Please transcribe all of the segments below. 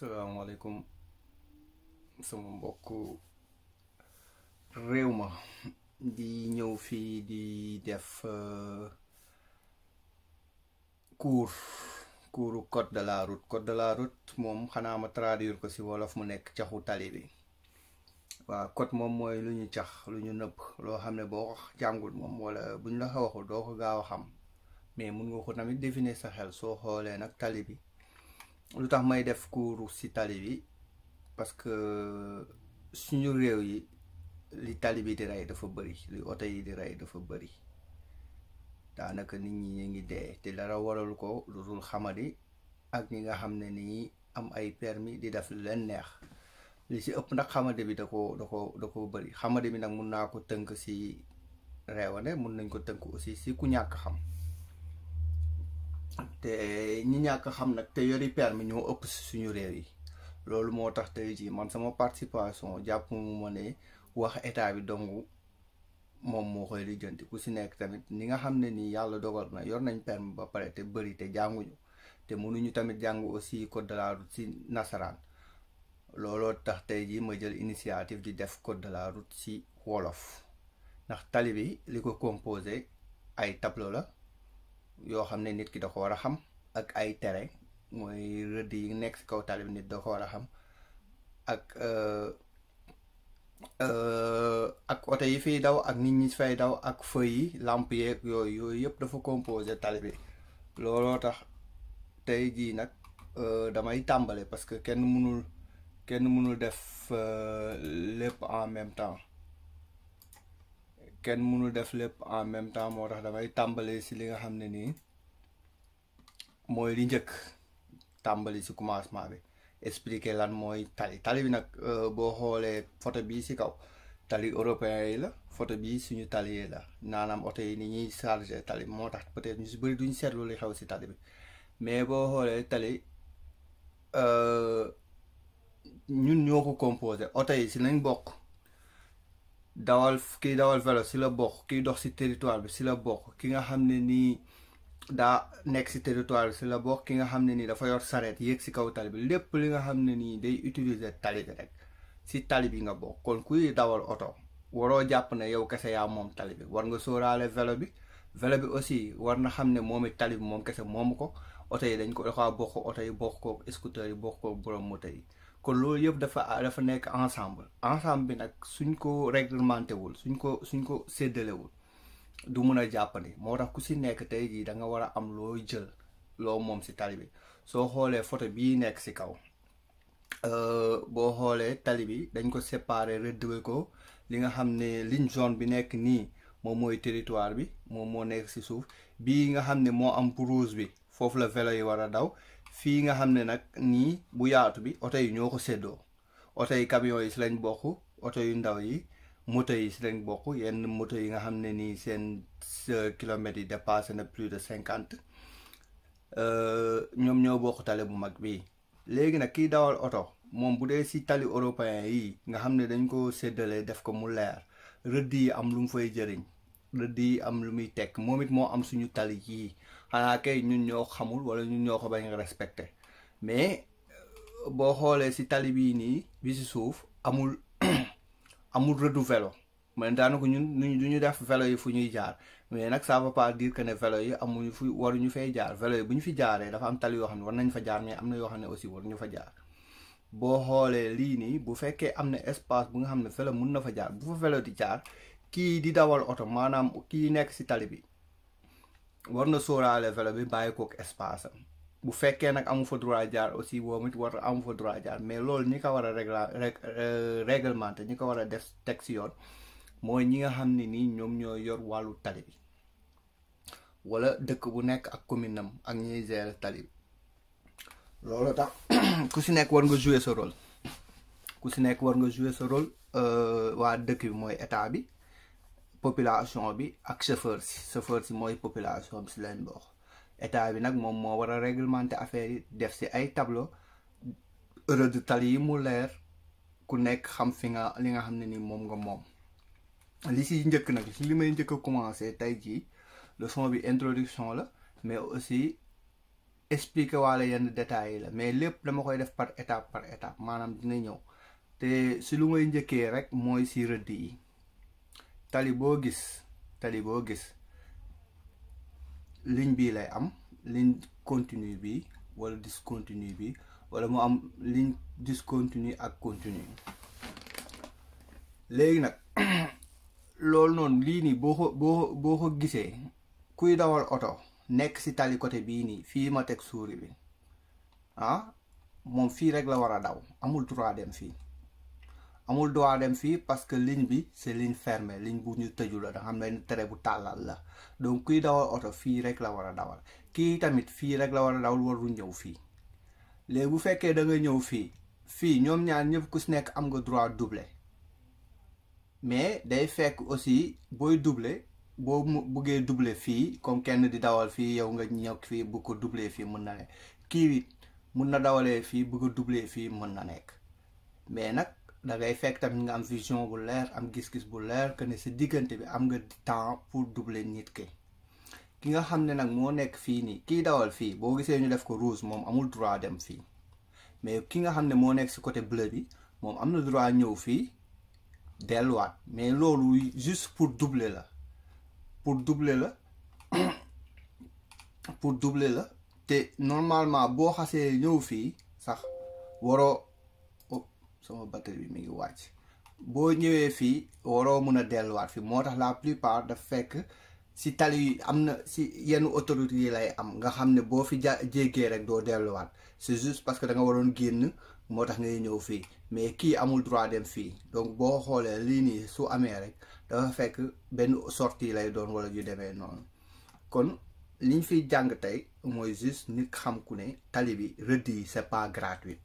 salaamaaleykum sama mbokk réew ma di ñëw fii di def kuur uh, cours code de la route code de la route moom xanaa ma traduire ko si wolof mu nekk caxu tali bi waaw code moom mooy lu ñu cax lu ñu nëpp loo xam ne boo ko jàngul moom walla buñ la ko waxul doo ko gaaw a xam mais mun nga ko tamit define sa xel soo xoolee nag tali bi lu tax may def cours ci tali bi parce que suñu réew yi li tali bi di rey dafa bëri li oto yi di rey dafa bëri daanaka nit ñi ñu ngi dee te dara waral ko lu dul xamadi ak ñi nga xam ne nii am ay permis di def lu leen neex li si ëpp nag xamadi bi da ko da ko da ko bëri xamadi bi nag mun naa ko tënk ci reewande mun nañ ko tënk aussi ci ku ñàkk xam te ñi ñàkk xam nag te yori permis ñoo ëpp si suñu réew yi loolu moo tax tey jii man sama participation jàpp mu ma ne wax état bi dong moom moo koy lijjanti ku si nekk tamit ni nga xam ne nii yàlla dogal na yor nañ permis ba pare te bëri te jànguñu te mënuñu tamit jàng aussi code de la route si nasaraan looloo tax tey jii ma jël initiative di def code de la route si wolof ndax tali bi li ko composé ay tablo la yoo xam ne nit ki da ko war a xam ak ay tere mooy rëdd yi nekk si kaw tali bi nit da ko war a xam ak euh, euh, ak oto yi fiy daw ak nit ñi fay daw ak feu yi yooyu yooyu yëpp dafa composé tali bi looloo tax tey jii nag euh, damay tàmbale parce que kenn mënul kenn mënul def lépp en même temps kenn mënul def lépp en même temps moo tax damay tàmbali si li nga xam ne nii mooy li njëkk tàmbali si commencement bi expliquer lan mooy tali tali bi nag euh, boo xoolee photo bi si kaw tali européen yi la photo bi suñu tali yi la naanaam oto yi ni ñuy chargé tali moo tax peut ñu si bëri duñ seetlu li xew si tali bi mais boo xoolee tali euh, ñun ñoo ko composé oto yi si nañ bokk dawal kiy dawal velo si la bokk kiy dox si territoire bi si la bokk ki nga xam ne nii daa nekk si territoire bi si la bokk ki nga xam ne nii dafa yor sareet yéeg si kaw tali bi lépp li nga xam ne nii day utiliser tali bi rek si tali bi nga bokk kon kuy dawal oto waroo jàpp ne yow kese yaa moom tali bi war nga sóoraale velo bi vélo bi aussi war na xam ne moom it tali bi moom kese moomu ko oto yi dañ ko dafa bokk oto yi bokk ko scooter yi bokk ko borom moto yi kon loolu yëpp dafa dafa nekk ensemble ensemble bi nag suñ ko réglementé wul suñ ko suñ ko séddalewul du mun a jàppandi moo tax ku si nekk tey jii da nga war a am loo jël loo moom si tali bi soo xoolee photo bii nekk si kaw euh, boo xoolee tali bi dañ ko séparer rëddwe ko li nga xam ne ligne zone bi nekk nii moom mooy territoire bi moom moo nekk si suuf bii nga xam ne moo am pour bi foofu la vélo yi war a daw fii nga xam ne nag nii bu yaatu bi oto yi ñoo ko séddoo oto yi camion yi si lañ bokk oto yu ndaw yi moto yi si lañ bokk yenn moto yi nga xam ne nii seen kilomètres yi dépassé na plus de cinquante euh, ñoom ñoo bokk tale bu mag bii léegi nag kiy dawal oto moom bu dee si tali européen yii nga xam ne dañ ko séddalee def ko mu leer rëdd yi am lu mu fay jëriñ di am lu muy tek moom it moo am suñu tali yii xanaa kay ñun ñoo xamul wala ñun ñoo ko bañ a respecté mais euh, boo xoolee si tali bii nii bi si suuf amul amul rëddu vélo mais daanaka ñun du ñu def vélo yi fu ñuy jaar mais nag saa veut pas dire que ne vélo yi amuñu fu waruñu fay jaar vélo yi bu fi jaaree dafa am tali yoo xam ne nañ fa jaar mais am na yoo xam ne aussi war ñu fa jaar. boo xoolee lii nii bu fekkee am na espace bu nga xam ne vélo mun na fa jaar bu fa vélo di jaar kii di dawal oto maanaam kii nekk si tali bi war na sóoraale vélo bi bàyyi kook espace am bu fekkee nag amu fa droit jaar aussi moom it war amu fa droit jaar mais loolu ñi ko war a régla euh, réglementé ñi ko war a def teg si yoon mooy ñi nga xam ne nii ñoom ñoo yor wàllu tali bi wala dëkk bu nekk ak commune am ak ñiy gérer tali bi loolu tax ku si nekk war nga jouer sa rôle ku si nekk war nga jouer sa rôle euh, waa dëkk bi mooy état bi population bi ak chauffeur si chauffeur si mooy population bi si lañ bokk état bi nag moom moo war a réglementer affaire yi def si ay tableau rëdd tali yi mu leer ku nekk xam fi nga li nga xam ne ni moom nga moom. li si njëkk nag li may njëkk a commencé tey jii leçon bi introduction la mais aussi expliquer waale yenn détails yi la mais lépp dama koy def par étape par étape maanaam dina ñëw te si lu may njëkkee rek mooy si rëdd yi. tali tali boo gis boo gis liñ bii lay am ligne continue bi walla discontinue bi wala mu am ligne discontinue ak continue léegi nag loolu noonu lii nii boo ko boo boo ko gisee kuy dawal oto nekk ci tali côté bii nii fii ma teg suuri bi ah moom fii rek la war a daw amul droit dem fii amul droit dem fii parce que ligne bi c'est ligne fermée ligne bu ñu tëju la da xam ne tere bu tàllal la donc kuy dawal oto fii rek la war a dawal kii tamit fii rek la war a dawal warul ñëw fii léegi bu fekkee da nga ñëw fii fii ñoom ñaan ñëpp ku si nekk am nga droit duble mais day fekk aussi booy duble boo mu buggee duble fii comme kenn di dawal fii yow nga ñëw fii bu ko dublee fii mën na ne kii mun na dawalee fii bëgg dublee fii mën na nekk mais nag da ngay fekk tamit nga am vision bu leer am gis-gis bu leer que ne sa diggante bi am nga temps pour doubler nit ki ki nga xam ne nag moo nekk fii nii kii dawal fii boo gisee ñu def ko rouge moom amul droit dem fii mais ki nga xam ne moo nekk si côté bleu bi moom am na droit ñëw fii delluwaat mais loolu juste pour doubler la pour double la pour double la te normalement boo xasee ñëw fii sax waroo. sama batterie bi mi ngi wàcc boo ñëwee fii waroo mën a delluwaat fii moo tax la plupart daf fekk si tali yi am na si yenn autorité yi lay am nga xam ne boo fi ja jéggee rek doo delluwaat c'est juste parce que da nga waroon génn moo tax ngay ñëw fii mais kii amul droit dem fii donc boo xoolee lii nii su amee rek dafa fekk benn sortie lay doon wala ju demee noonu kon liñ fiy jàng tey mooy juste nit xam ku ne tali bi rëdd yi c'est pas gratuit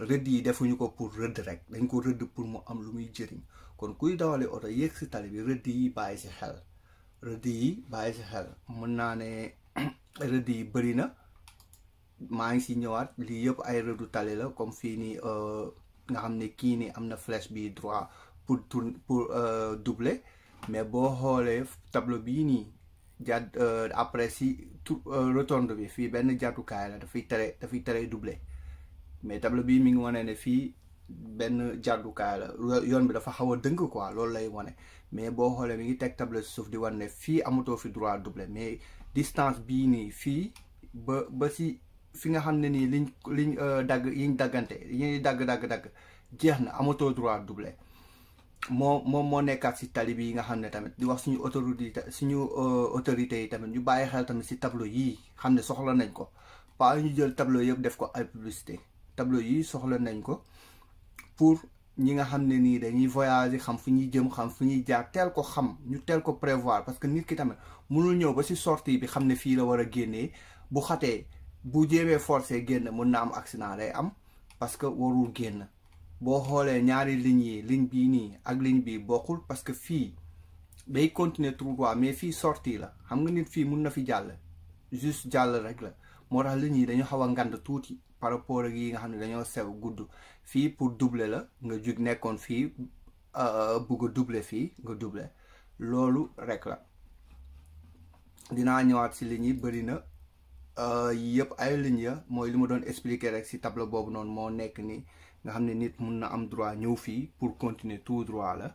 rëdd yi defuñu ko pour rëdd rek dañ ko rëdd pour mu am lu muy jëriñ kon kuy dawale oto yëg si tali bi rëdd yi bàyyi si xel rëdd yi bàyyi si xel mën naa ne rëdd yi bëri na maa ngi si ñëwaat lii yëpp ay rëddu tali la comme fii nii euh, nga xam ne kii nii am na flèche bi droit pour tourner pour euh, doubler mais boo xoolee tableau bii nii jàdd euh, après si retourne bi fii benn jàddukaay la dafay tere dafay tere doubler mais tableau bii mi ngi wane ne fii benn jàddukaay la yoon bi dafa xaw a dëng quoi loolu lay wane mais boo xoolee mi ngi teg tableau si suuf di wane ne fii amatoo fi droit doublé mais distance bii nii fii ba ba si fi nga xam ne nii liñ liñ euh, dagg yiñ daggante yiñ dagg-dagg-dagg jeex na amatoo droit doublé moo moom moo nekkaat si tali bi yi nga xam ne tamit di wax suñu autorité suñu euh, autorités yi tamit ñu bàyyi xel tamit si tableau yii xam ne soxla nañ ko pas ñu jël tableau yëpp def ko ay publicité tableau yi soxla nañ ko pour ñi nga xam ne nii dañuy voyager xam fu ñuy jëm xam fu ñuy jaar teel ko xam ñu teel ko prévoir parce que nit ki tamit mënul ñëw ba ci sortie bi xam ne fii la war a génnee bu xatee bu jéemee forcé génn mën na am accident day am parce que warul génn boo xoolee ñaari lignes yi ligne bii nii ak ligne bii bokkul parce que fii day continuer tout mais fii sortie la xam nga nit fii mun na fi jàll juste jàll rek la moo tax lignes yi dañu xaw a ngand tuuti par rapport ak yi nga xam ne dañoo sew gudd fii pour duble la nga jug nekkoon fii euh, bugg a doubler fii nga doubler loolu rek la dinaa ñëwaat si ligne yi bëri na euh, yëpp ay ligne ya mooy li ma doon expliquer rek si tableau boobu noonu moo nekk ni nga xam ne nit mun na am droit ñëw fii pour continuer tout droit la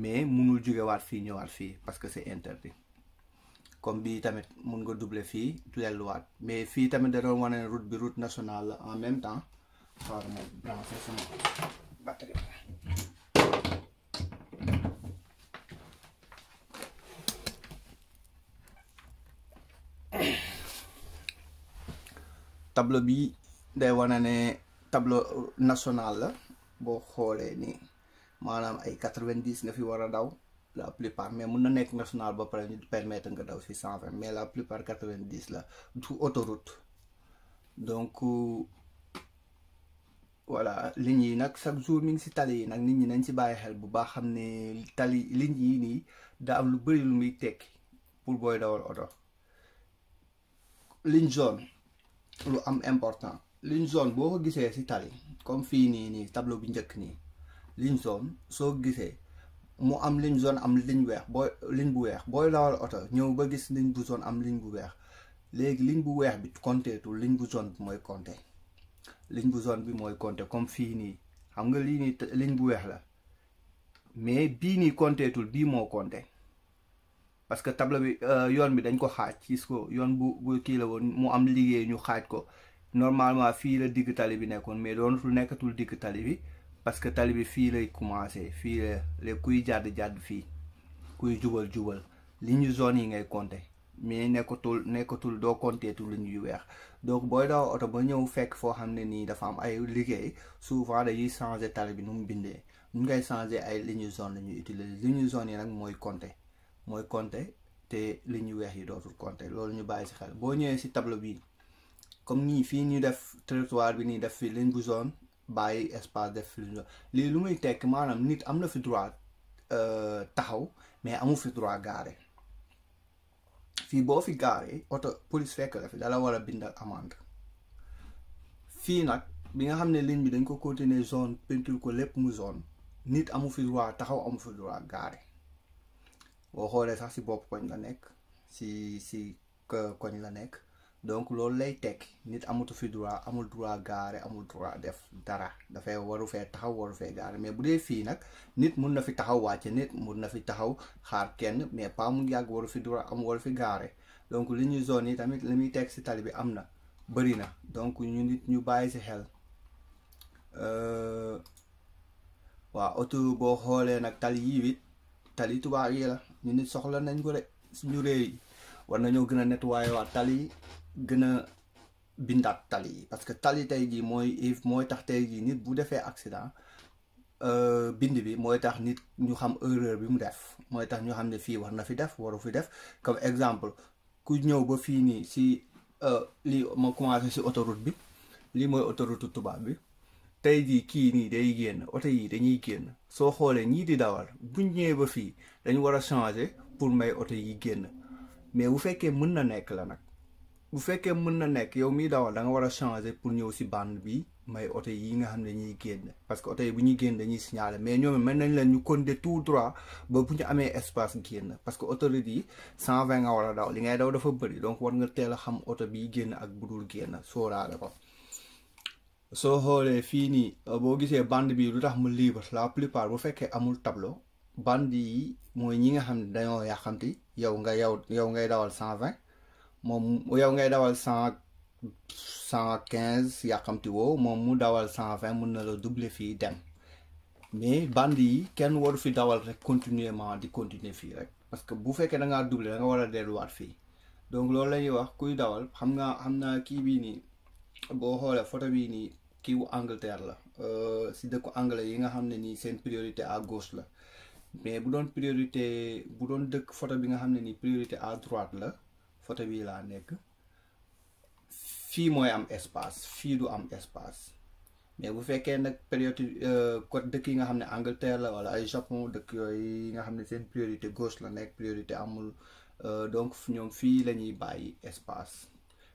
mais munul jugewaat fii ñëwaat fii parce que c'est interdit comme bii tamit mun nga duble fii delluwaat mais fii tamit da doon wane ne route bi route nationale la en même temps waaw bi day wane ne tableau national la boo xoolee ni maanaam ay quatre vingt nga fi war a daw la plupart mais mun na nekk national ba pare ñu permettre nga daw si cent vingt mais la plupart quatre vingt dix la du autoroute donc euh, voilà ligne yi nag chaque jour mi ngi si tali yi nag nit ñi nañ si bàyyi xel bu baax xam ne tali ligne yi nii daa lu bari lu muy tekki pour booy dawal oto ligne jaune lu am important ligne jaune boo ko gisee si tali comme fii nii nii tableau bi njëkk nii ligne jaune soo gisee mu am liñ zone am ligne weex booy ligne bu weex booy lawal oto ñëw ba gis ligne bu zone am liñ bu weex léegi liñ bu weex bi compteetul liñ bu zone bi mooy compté ligne bu zone bi mooy compté comme fii nii xam nga lii nii liñ bu weex la mais bii nii compteetul bii moo compté parce que table bi euh, yoon bi dañ ko xaaj gis ko yoon bu bu kii la woon mu am liggéey ñu xaaj ko normalement fii la digg tali bi nekkoon mais doon nekkatul digg tali bi parce que tali bi fii lay commencé fii la kuy jàdd jàdd fii kuy jubal jubal li ñu zone yi ngay compter mais nekkatul nekkatul doo compteetu li ñuy weex donc booy daw oto ba ñëw fekk foo xam ne nii dafa am ay liggéey souvent dañuy changer tali bi nu mu bindee ñu ngay changer ay li ñu zone la ñuy utiliser li ñu zone yi nag mooy compter mooy compter te li ñu weex yi dootul compter loolu ñu bàyyi si xel boo ñëwee si tableau bi comme nii fii ñu def territoire bi nii def fii ligne bu zone bàyyi espace def fi lii lu muy tekk maanaam nit am na fi droit euh, taxaw mais amu fi droit gaare fii boo fi gaare oto police fekk la fi dala war a bindal amende fii nag bi nga xam ne ligne bi dañ ko continuer zone peinture ko lépp mu zone nit amu fi droit taxaw amu fi droit gaare boo xoolee sax si bopp koñ la nekk si si koñ la nekk donc loolu lay tekki nit amatu fi droit amul droit gaare amul droit def dara dafay waru fee taxaw waru fee gaare mais bu dee fii nag nit mun na fi taxaw wàcce nit mun na fi taxaw xaar kenn mais pas mu yàgg waru fi droit am waru fi gaare donc li ñuy zone yi tamit li muy teg si tali bi am na bëri na donc ñu nit ñu bàyyi si xel euh, waa oto boo xoolee nag tali yii it tali tubaab yi la ñu nit soxla nañ ko de suñu réew yi war nañoo gën a nettoyé waa tali yi gën a bindaat tali yi parce que tali tey jii mooy mooy tax tey jii nit bu defee accident euh, bind bi mooy tax nit ñu xam erreur bi mu def mooy tax ñu xam ne fii war na fi def waru fi def comme exemple ku ñëw ba fii nii si euh, lii ma commencé si autoroute bi lii mooy autoroute tubaab bi tey jii kii nii day génn oto yii dañuy génn soo xoolee ñii di dawal buñ ñëwee ba fii dañu war a changer pour may oto yi génn mais bu fekkee mën na nekk la nag bu fekkee mën na nekk yow miy dawal danga war a changer pour ñëw si band bi may oto yi nga xam ne ñuy génn parce que oto yi bu ñuy génn dañuy signaler mais ñoom mën nañ leen ñu compter tout droit ba bu ñu amee espace génn parce que autoroute yi cent vingt nga war a daw li ngay daw dafa bëri donc war nga teel a xam oto bi génn ak bu dul génn sóoraale ko soo xoolee fii nii euh, boo gisee bande bii lu tax mu libre la plupart bu fekkee amul tableau bande yi mooy ñi nga xam ne dañoo yàqamti yow nga yow yow ngay dawal cent vingt moom yow ngay dawal cent cent quinze yàqamti woo moom mu dawal cent vingt mun na la duble fii dem mais band yi kenn waru fi dawal rek continuellement di continuer fii rek parce que bu fekkee dangaa ngaa doubler nga war a delluwaat fii donc loolu la wax kuy dawal xam nga xam naa kii bii nii boo xoolee photo bii nii kiiwu wu Angleterre la euh, si dëkku anglais yi nga xam ne nii seen priorité à gauche la mais bu doon priorité bu doon dëkk photo bi nga xam ne nii priorité à droite la photo bii laa nekk fii mooy am espace fii du am espace mais bu fekkee nag période côté euh, dëkk yi nga xam ne Angleterre la wala ay Japon dëkk yooyu nga xam ne seen priorité gauche la nekk priorité amul euh, donc ñoom fii la ñuy bàyyi espace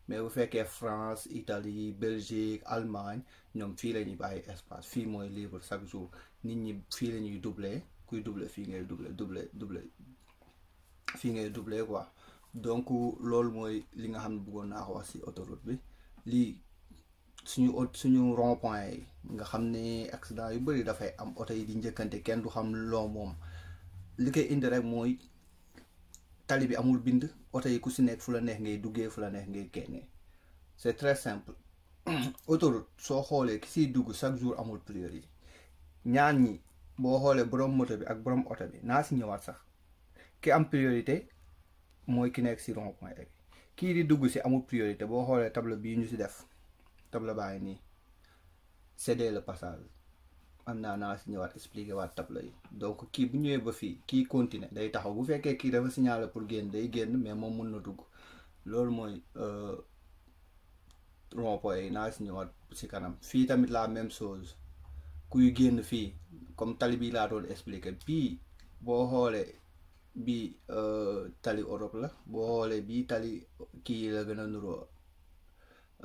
mais bu fekkee France Italie Belgique Allemagne ñoom fii la ñuy bàyyi espace fii mooy libre chaque jour nit ñi fii la ñuy doublé kuy doublé fii ngay doublé doublé doublé fii ngay doublé quoi donc loolu mooy li nga xam ne bëggoon naa ko wax ci autoroute bi lii suñu suñu rond point yi nga xam ne accident yu bëri dafay am oto yi di njëkkante kenn du xam loo moom li koy indi rek mooy tali bi amul bind oto yi ku si nekk fu la neex ngay duggee fu la neex ngay génnee c'est très simple autoroute soo xoolee ki siy dugg chaque jour amul priorité ñaan ñi boo xoolee borom moto bi ak borom oto bi naa si ñëwaat sax ki am priorité mooy ki nekk si rond point kii di dugg si amul priorité boo xoolee tableau bii ñu si def table baa ngi nii céder le passage am naa naa si ñëwaat expliqué waat tableau yi donc kii bu ñëwee ba fii kii continuer day taxaw bu fekkee kii dafa signaler pour génn day génn mais moom mun na dugg loolu mooy euh, rond point yi naa si ñëwaat si kanam fii tamit la même chose kuy génn fii comme tali bii laa doon expliqué bii boo xoolee. bi eh, tali Europe la boo xoolee bii tali kii la gën a nuroo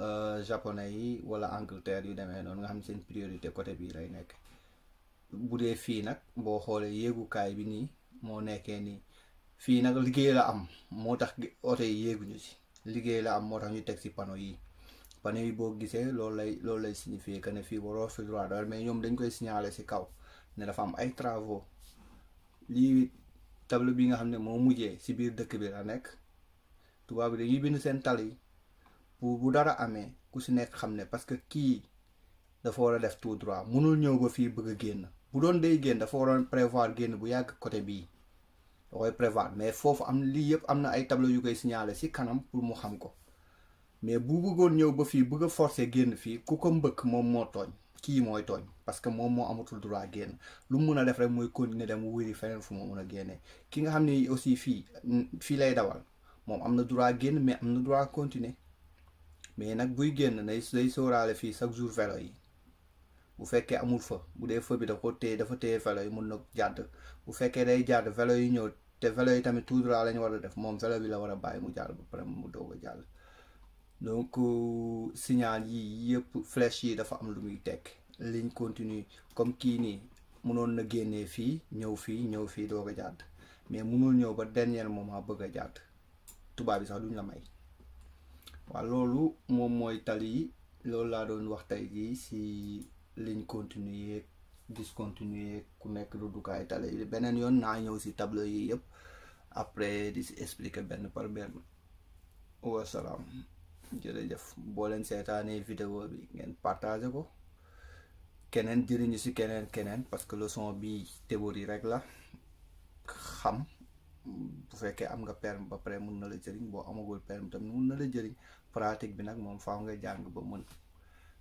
eh, japonais yi wala Angleterre yi demee noonu nga xam seen priorité côté bii lay nekk bu dee fii nag boo xoolee yéegukaay bi nii moo nekkee nii fii nag liggéey la am moo tax oto yi yéeguñu si liggéey la am moo tax ñu teg si panneau yi panneau yi boo gisee loolu lay loolu lay signifier que ne fii waroo fi droit daal mais ñoom dañ koy signaler si kaw ne dafa am ay travaux tableau bi nga xam ne moo mujjee ci biir dëkk bi la nekk tubaab bi dañuy bind seen tali pour bu dara amee ku si nekk xam ne parce que kii dafa war a def tout droit mënul ñëw ba fii bëgg génn bu doon day génn dafa waroon prévoir génn bu yàgg côté bii da koy prévoir mais foofu am lii yëpp am na ay tableau yu koy signaler si kanam pour mu xam ko mais bu bëggoon ñëw ba fii bëgg a forcer génn fii ku ko mbëkk moom moo tooñ kii mooy tooñ parce que moom moo amatul droit génn lu mu mun a def rek mooy continuer dem wuri feneen fu mu mun a génnee ki nga xam ne aussi fii fii lay dawal moom am na droit génn mais am na droit continuer mais nag buy génn day day sóoraale fii chaque jour vélo yi bu fekkee amul fa bu dee fa bi da ko téye dafa téye vélo yi mun na jàdd bu fekkee day jàdd vélo yi ñëw te vélo yi tamit tout droit la ñu war a def moom vélo bi la war a bàyyi mu jàll ba pare mu a jàll donc euh, signal yi yëpp flèche yii dafa am lu muy tekk ligne continue comme kii nii mënoon na génnee fii ñëw fii ñëw fii doo a jàdd mais mënul ñëw ba dernier moment bëgg a jàdd tubaab bi sax duñ la may waaw loolu moom mooy tali yi loolu laa doon wax tey jii si ligne continue yeeg discontinue ku nekk rëddukaay tali yi beneen yoon naa ñëw si tableau yi yëpp après di si expliquer benn par benn wasalaam jëf boo leen seetaanee vidéo bi ngeen partagé ko keneen jëriñu si keneen keneen parce que leçon bi théorie rek la xam bu fekkee am nga permis ba pare mun na la jëriñ boo amagul permis tamit mun na la jëriñ pratique bi nag moom faw nga jàng ba mën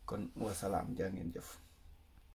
kon wasalaam jaa ngeen jëf